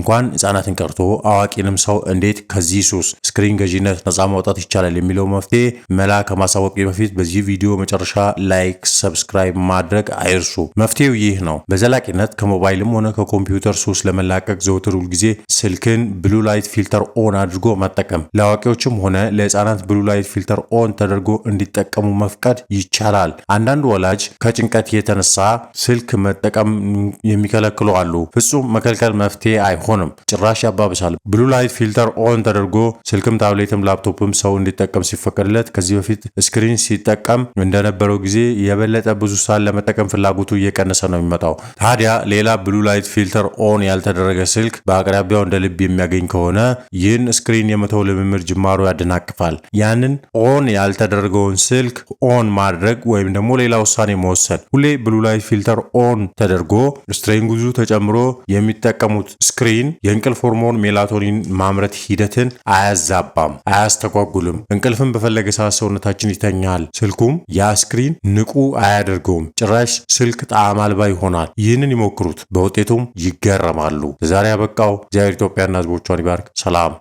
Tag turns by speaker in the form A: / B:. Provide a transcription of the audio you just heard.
A: እንኳን ህጻናትን ቀርቶ አዋቂንም ሰው እንዴት ከዚህ ሱስ ስክሪን ገዢነት ነፃ ማውጣት ይቻላል የሚለው መፍትሄ መላ ከማሳወቅ በፊት በዚህ ቪዲዮ መጨረሻ ላይክ፣ ሰብስክራይብ ማድረግ አይርሱ። መፍትሄው ይህ ነው። በዘላቂነት ከሞባይልም ሆነ ከኮምፒውተር ሱስ ለመላቀቅ ዘውትር ሁልጊዜ ስልክን ብሉ ላይት ፊልተር ኦን አድርጎ መጠቀም፣ ለአዋቂዎችም ሆነ ለህፃናት ብሉ ላይት ፊልተር ኦን ተደርጎ እንዲጠቀሙ መፍቀድ ይቻላል። አንዳንድ ወላጅ ከጭንቀት የተነሳ ስልክ መጠቀም የሚከለክሉ አሉ። ፍጹም መከልከል መፍትሄ አይሆን አይሆንም፣ ጭራሽ ያባብሳል። ብሉ ላይት ፊልተር ኦን ተደርጎ ስልክም ታብሌትም ላፕቶፕም ሰው እንዲጠቀም ሲፈቀድለት ከዚህ በፊት ስክሪን ሲጠቀም እንደነበረው ጊዜ የበለጠ ብዙ ሰዓት ለመጠቀም ፍላጎቱ እየቀነሰ ነው የሚመጣው። ታዲያ ሌላ ብሉ ላይት ፊልተር ኦን ያልተደረገ ስልክ በአቅራቢያው እንደ ልብ የሚያገኝ ከሆነ ይህን ስክሪን የመተው ልምምድ ጅማሮ ያደናቅፋል። ያንን ኦን ያልተደረገውን ስልክ ኦን ማድረግ ወይም ደግሞ ሌላ ውሳኔ መወሰን። ሁሌ ብሉ ላይት ፊልተር ኦን ተደርጎ ስትሬንጉዙ ተጨምሮ የሚጠቀሙት ስክሪን ሜላቶኒን የእንቅልፍ ሆርሞን ሜላቶኒን ማምረት ሂደትን አያዛባም፣ አያስተጓጉልም። እንቅልፍን በፈለገ ሰዓት ሰውነታችን ይተኛል። ስልኩም ያ ስክሪን ንቁ አያደርገውም። ጭራሽ ስልክ ጣዕም አልባ ይሆናል። ይህንን ይሞክሩት፣ በውጤቱም ይገረማሉ። ዛሬ ያበቃው እግዚአብሔር ኢትዮጵያና ህዝቦቿን ይባርክ። ሰላም